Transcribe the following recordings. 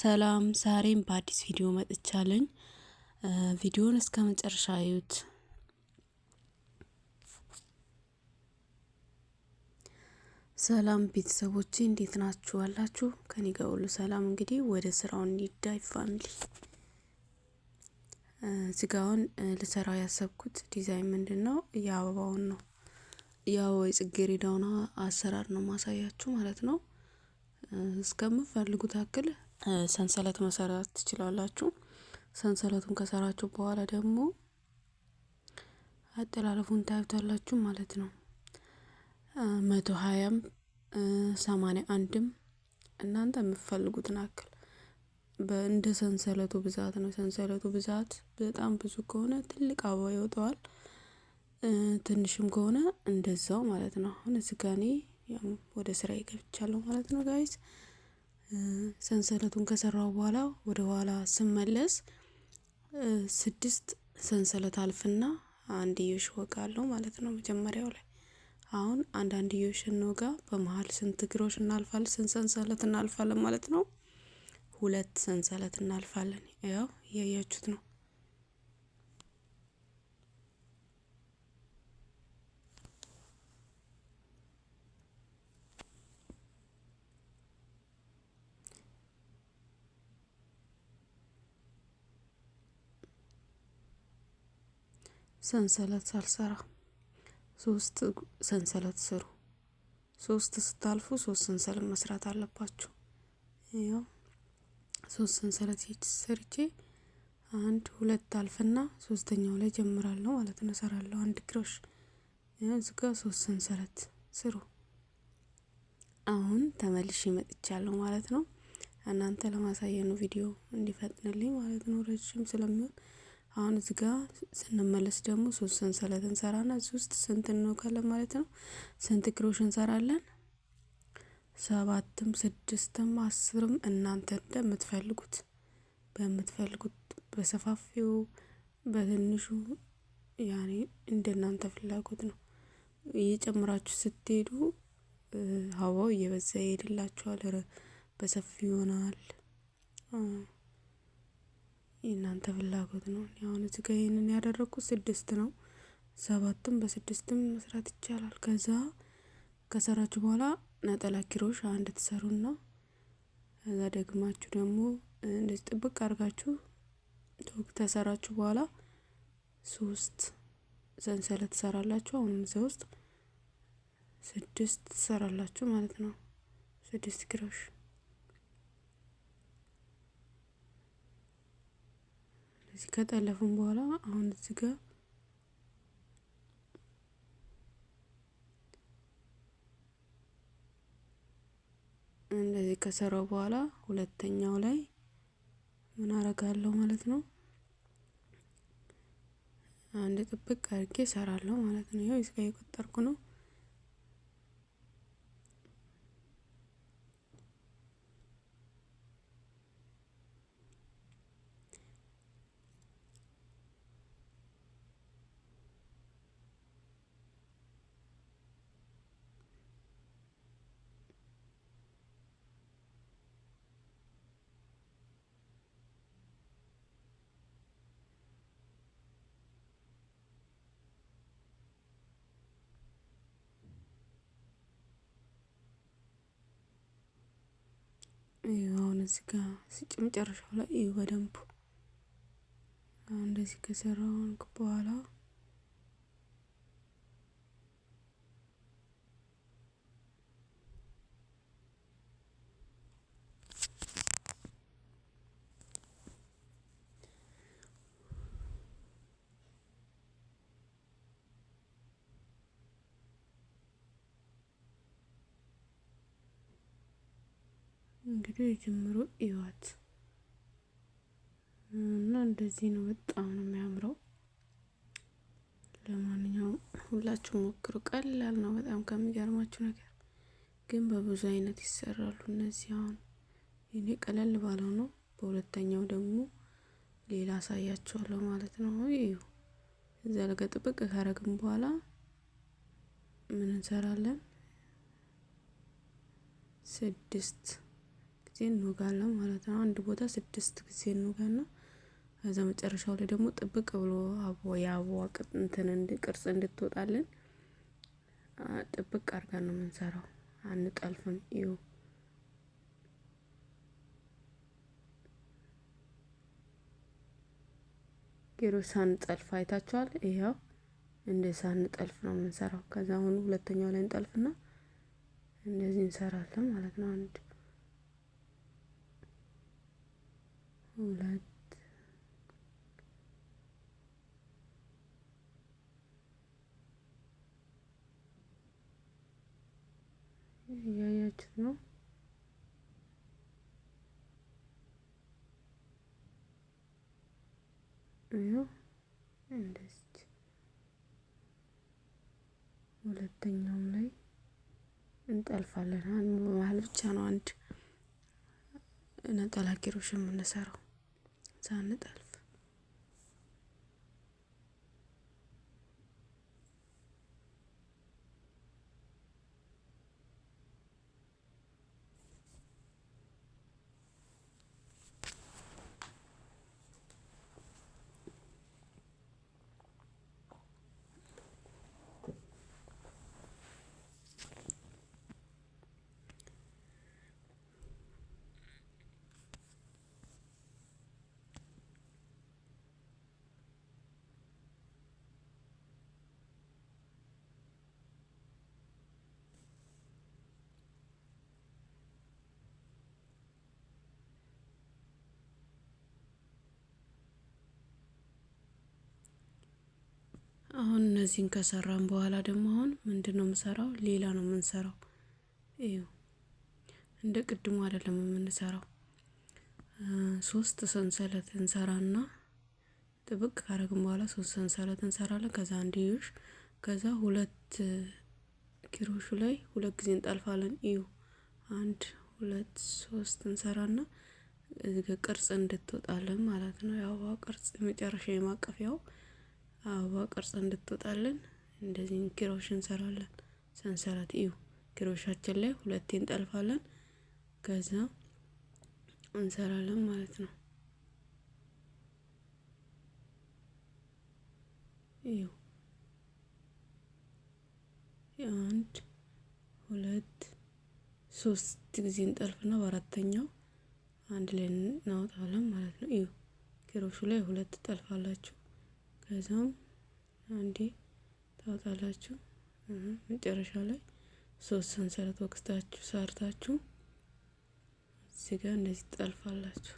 ሰላም ዛሬም በአዲስ ቪዲዮ መጥቻለኝ። ቪዲዮን እስከ መጨረሻ አዩት። ሰላም ቤተሰቦቼ እንዴት ናችሁ? አላችሁ ከኔ ጋር ሁሉ ሰላም። እንግዲህ ወደ ስራው እንዲዳይ ፋሚሊ ስጋውን ልሰራው ያሰብኩት ዲዛይን ምንድን ነው? የአበባውን ነው የአበባ የጽጌረዳውን አሰራር ነው ማሳያችሁ ማለት ነው። እስከምፈልጉት አክል ሰንሰለት መሰራት ትችላላችሁ። ሰንሰለቱን ከሰራችሁ በኋላ ደግሞ አጠላለፉን ታዩታላችሁ ማለት ነው። መቶ ሀያም ሰማንያ አንድም እናንተ የምትፈልጉትን አክል እንደ ሰንሰለቱ ብዛት ነው። ሰንሰለቱ ብዛት በጣም ብዙ ከሆነ ትልቅ አበባ ይወጣዋል። ትንሽም ከሆነ እንደዛው ማለት ነው። አሁን እዚህ ጋ እኔ ወደ ስራ ይገብቻለሁ ማለት ነው ጋይስ ሰንሰለቱን ከሰራው በኋላ ወደ ኋላ ስመለስ ስድስት ሰንሰለት አልፍና አንድዮሽ እወጋለሁ ማለት ነው። መጀመሪያው ላይ አሁን አንድ አንድዮሽ እንወጋ በመሀል ስንት እግሮች እናልፋለን? ስንት ሰንሰለት እናልፋለን ማለት ነው? ሁለት ሰንሰለት እናልፋለን። ያው እያያችሁት ነው ሰንሰለት ሳልሰራ ሶስት ሰንሰለት ስሩ። ሶስት ስታልፉ ሶስት ሰንሰለት መስራት አለባችሁ። ያው ሶስት ሰንሰለት ሰርቼ አንድ ሁለት አልፍና ሶስተኛው ላይ ጀምራለሁ ማለት ነው። ሰራለሁ አንድ ክሮሽ እዚህ ጋር ሶስት ሰንሰለት ስሩ። አሁን ተመልሼ መጥቻለሁ ማለት ነው። እናንተ ለማሳየኑ ቪዲዮ እንዲፈጥንልኝ ማለት ነው፣ ረጅም ስለሚሆን አሁን እዚህ ጋር ስንመለስ ደግሞ ሶስት ሰንሰለት እንሰራና እዚህ ውስጥ ስንት እንወጋለን ማለት ነው። ስንት ክሮሽ እንሰራለን? ሰባትም ስድስትም አስርም እናንተ እንደምትፈልጉት በምትፈልጉት በሰፋፊው በትንሹ ያኔ እናንተ ፍላጎት ነው። እየጨምራችሁ ስትሄዱ ሀዋው እየበዛ ይሄድላችኋል። በሰፊ ይሆናል። የእናንተ ፍላጎት ነው። አሁን እዚህ ጋር ይሄንን ያደረኩት ስድስት ነው። ሰባትም በስድስትም መስራት ይቻላል። ከዛ ከሰራችሁ በኋላ ነጠላ ኪሮሽ አንድ ትሰሩና ከዛ ደግማችሁ ደግሞ እንደዚህ ጥብቅ አድርጋችሁ ተሰራችሁ በኋላ ሶስት ሰንሰለት ትሰራላችሁ። አሁንም እዚያ ውስጥ ስድስት ትሰራላችሁ ማለት ነው። ስድስት ኪሮሽ እዚህ ከጠለፉን በኋላ አሁን እዚህ ጋር እንደዚህ ከሰራው በኋላ ሁለተኛው ላይ ምን አረጋለሁ ማለት ነው። አንድ ጥብቅ አድርጌ እሰራለሁ ማለት ነው። ይኸው እዚህ ጋር የቆጠርኩ ነው። አሁን እዚህ ጋር ስጭ መጨረሻው ላይ በደንብ እንደዚህ ከሰራውን በኋላ እንግዲህ የጀምሮ እዩዋት እና እንደዚህ ነው። በጣም ነው የሚያምረው። ለማንኛውም ሁላችሁ ሞክሩ። ቀላል ነው በጣም ከሚገርማችሁ ነገር ግን በብዙ አይነት ይሰራሉ እነዚህ። አሁን እኔ ቀለል ባለው ነው፣ በሁለተኛው ደግሞ ሌላ አሳያችኋለሁ ማለት ነው። እዩ እዛ ለገ ጥብቅ ካረግን በኋላ ምን እንሰራለን? ስድስት እንወጋለን ማለት ነው። አንድ ቦታ ስድስት ጊዜ እንወጋና ከዛ መጨረሻው ላይ ደግሞ ጥብቅ ብሎ አቦ የአበባ እንትን ቅርጽ እንድትወጣለን ጥብቅ አድርጋ ነው የምንሰራው። አንጠልፍም። እዩ ጌሮች ሳንጠልፍ አይታችኋል። ይኸው እንደዚህ ሳንጠልፍ ነው የምንሰራው። ከዛ አሁኑ ሁለተኛው ላይ እንጠልፍና እንደዚህ እንሰራለን ማለት ነው አንድ ሁለት እያያችሁት ነው። ይኸው ሁለተኛውም ላይ እንጠልፋለን። መሀል ብቻ ነው አንድ ነጠላ ኪሮሽ የምንሰራው ሳንጠል አሁን እነዚህን ከሰራን በኋላ ደግሞ አሁን ምንድን ነው የምሰራው? ሌላ ነው የምንሰራው። እንደ ቅድሙ አይደለም የምንሰራው። ሶስት ሰንሰለት እንሰራና ጥብቅ ካረግን በኋላ ሶስት ሰንሰለት እንሰራለን። ከዛ አንድ ዩሽ፣ ከዛ ሁለት ኪሮሹ ላይ ሁለት ጊዜ እንጠልፋለን። እዩ አንድ ሁለት ሶስት እንሰራና ቅርጽ እንድትወጣለን ማለት ነው። የአበባ ቅርጽ የመጨረሻ የማቀፊያው አበባ ቅርጽ እንድትወጣለን እንደዚህ ኪሮሽ እንሰራለን። ሰንሰለት እዩ ኪሮሻችን ላይ ሁለቴ እንጠልፋለን። ከዛ እንሰራለን ማለት ነው። እዩ አንድ ሁለት ሶስት ጊዜ እንጠልፍና በአራተኛው አንድ ላይ እናወጣለን ማለት ነው። እዩ ኪሮሹ ላይ ሁለት ጠልፋላችሁ። ከዛም አንዴ ታወጣላችሁ። መጨረሻ ላይ ሶስት ሰንሰለት ወቅስታችሁ ሰርታችሁ እዚህ ጋር እንደዚህ ትጠልፋላችሁ።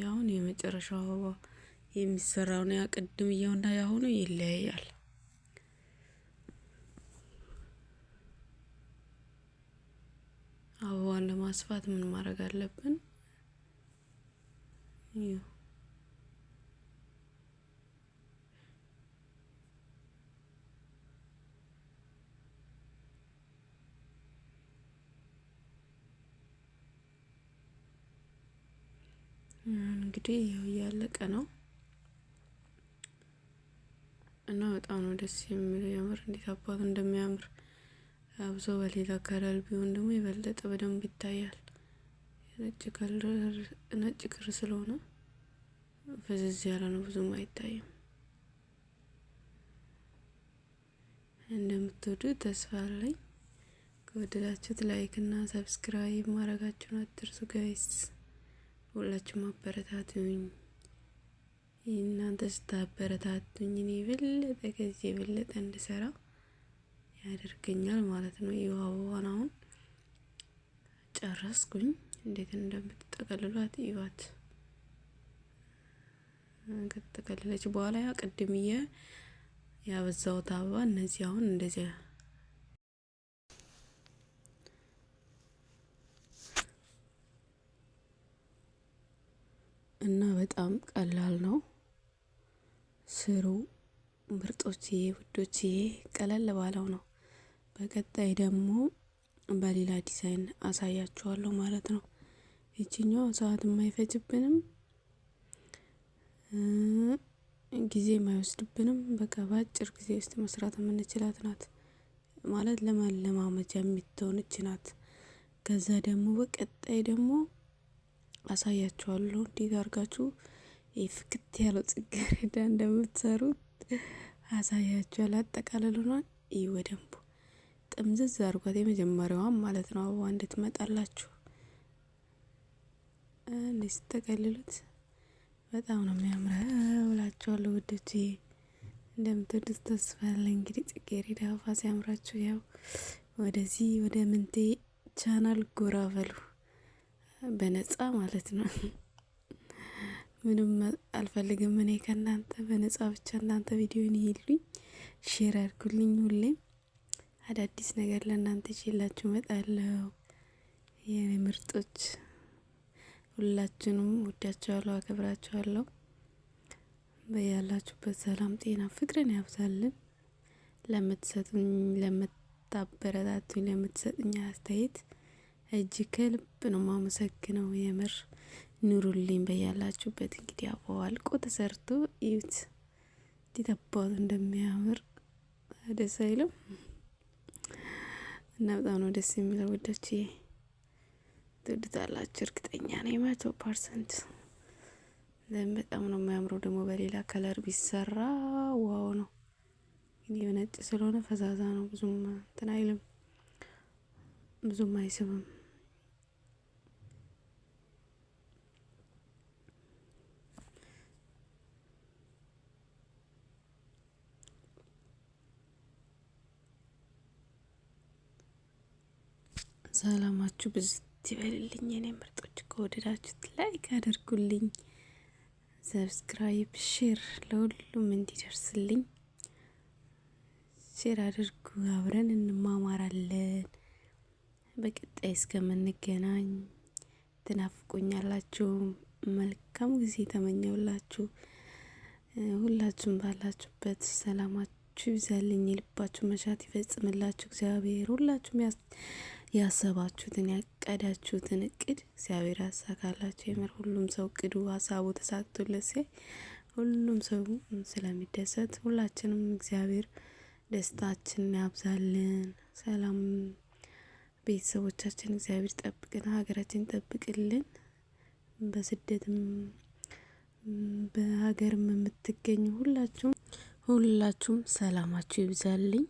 ያሁን የመጨረሻው አበባ የሚሰራው ነው። ያ ቅድም ያሁኑ ይለያያል። አበባን ለማስፋት ምን ማድረግ አለብን? you. እንግዲህ ያው እያለቀ ነው እና በጣም ነው ደስ የሚለው። ያምር እንዴት አባቱ እንደሚያምር አብዞ በሌላ አካላል ቢሆን ደግሞ የበለጠ በደንብ ይታያል። ነጭ ክር ስለሆነ ፍዝዝ ያለ ነው፣ ብዙም አይታይም። እንደምትወዱ ተስፋ አለኝ። ከወደዳችሁት ላይክ እና ሰብስክራይብ ማድረጋችሁን አትርሱ ጋይስ። ሁላችሁም አበረታቱኝ። እናንተ ስታበረታቱኝ እኔ የበለጠ ከዚህ የበለጠ እንድሰራ ያደርገኛል ማለት ነው። ይህ አበባን አሁን ጨረስኩኝ። እንዴት እንደምትጠቀልሏት ይዋት። ከተጠቀለለች በኋላ ያ ቅድምዬ ያበዛሁት አበባ እነዚህ አሁን እንደዚያ እና በጣም ቀላል ነው ስሩ። ምርጦችዬ ውዶችዬ ቀለል ባለው ነው። በቀጣይ ደግሞ በሌላ ዲዛይን አሳያችኋለሁ ማለት ነው። ይችኛዋ ሰዓትም አይፈጅብንም ጊዜም አይወስድብንም። በቃ በአጭር ጊዜ ውስጥ መስራት የምንችላት ናት ማለት ለማለማመጃ የምትሆንች ናት። ከዛ ደግሞ በቀጣይ ደግሞ አሳያችኋለሁ እንዴት አድርጋችሁ ፍክት ያለው ጽጌረዳ እንደምትሰሩት አሳያችኋለሁ። አጠቃለሉናል ይህ በደንቡ ጥምዝዝ አድርጓት የመጀመሪያዋን ማለት ነው አበባ እንድትመጣላችሁ እንዴት ስጠቀልሉት በጣም ነው የሚያምረው እላችኋለሁ ውዶቼ። እንደምትወዱት ተስፋ አለ። እንግዲህ ጽጌረዳ አበባ ሲያምራችሁ ያው ወደዚህ ወደ ምንቴ ቻናል ጎራ በሉ በነጻ ማለት ነው። ምንም አልፈልግም እኔ ከእናንተ በነጻ ብቻ እናንተ ቪዲዮን ይሄልኝ ሼር አድርጉልኝ። ሁሌም አዳዲስ ነገር ለእናንተ ይዤላችሁ እመጣለሁ የምርጦች ሁላችንም ወዳችኋለሁ፣ አከብራችኋለሁ። በያላችሁበት ሰላም፣ ጤና፣ ፍቅርን ያብዛልን። ለምትሰጡኝ፣ ለምታበረታቱኝ፣ ለምትሰጡኝ አስተያየት እጅ ከልብ ነው ማመሰግነው። የምር ኑሩልኝ በያላችሁበት። እንግዲህ አበባ አልቆ ተሰርቶ እዩት፣ እንዲጠባቱ እንደሚያምር ደስ አይልም? እና በጣም ነው ደስ የሚለው ወዳችዬ ትወዱታላችሁ እርግጠኛ ነኝ መቶ ፐርሰንት። ዘን በጣም ነው የሚያምረው። ደግሞ በሌላ ከለር ቢሰራ ዋው ነው። እንግዲህ በነጭ ስለሆነ ፈዛዛ ነው፣ ብዙም እንትን አይልም፣ ብዙም አይስብም። ሰላማችሁ ብዝት ይበልልኝ የኔ ምርጦች። ከወደዳችሁት ላይክ አድርጉልኝ፣ ሰብስክራይብ፣ ሼር ለሁሉም እንዲደርስልኝ ሼር አድርጉ። አብረን እንማማራለን። በቀጣይ እስከምንገናኝ ትናፍቁኛላችሁ። መልካም ጊዜ ተመኘውላችሁ። ሁላችሁም ባላችሁበት ሰላማችሁ ይብዛልኝ፣ የልባችሁ መሻት ይፈጽምላችሁ እግዚአብሔር ሁላችሁም ያሰባችሁትን ያቀዳችሁትን እቅድ እግዚአብሔር ያሳካላችሁ። የምር ሁሉም ሰው እቅዱ ሀሳቡ ተሳክቶለት ሲያይ ሁሉም ሰው ስለሚደሰት ሁላችንም እግዚአብሔር ደስታችንን ያብዛልን። ሰላም ቤተሰቦቻችን እግዚአብሔር ጠብቅን፣ ሀገራችን ጠብቅልን። በስደትም በሀገርም የምትገኙ ሁላችሁም ሁላችሁም ሰላማችሁ ይብዛልኝ።